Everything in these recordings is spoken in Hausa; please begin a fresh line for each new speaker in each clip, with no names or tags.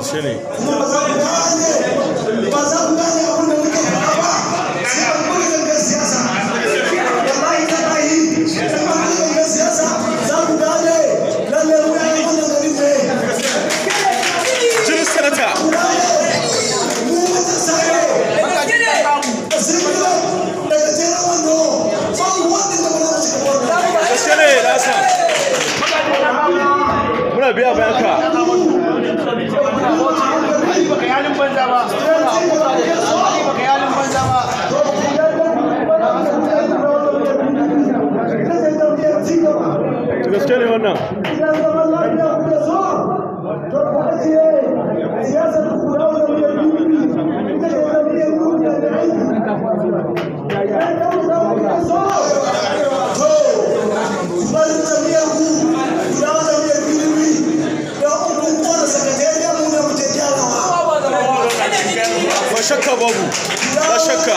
gaske ne ba gane muna biya bayan ka wannan ba shakka babu ba shakka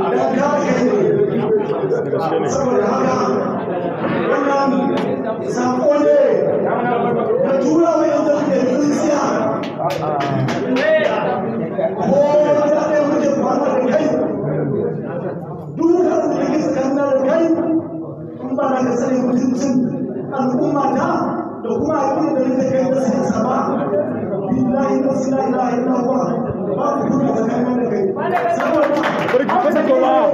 game da sanin mutuncin al'umma ta da kuma abin da nake kai billahi ba ku da kai kai saboda barki ba da ba,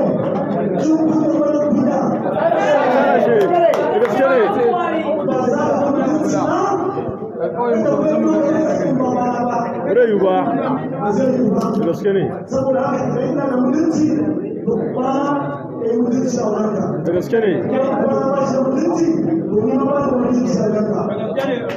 gaske ne. Saboda haka, ina da mutunci, da gaske ne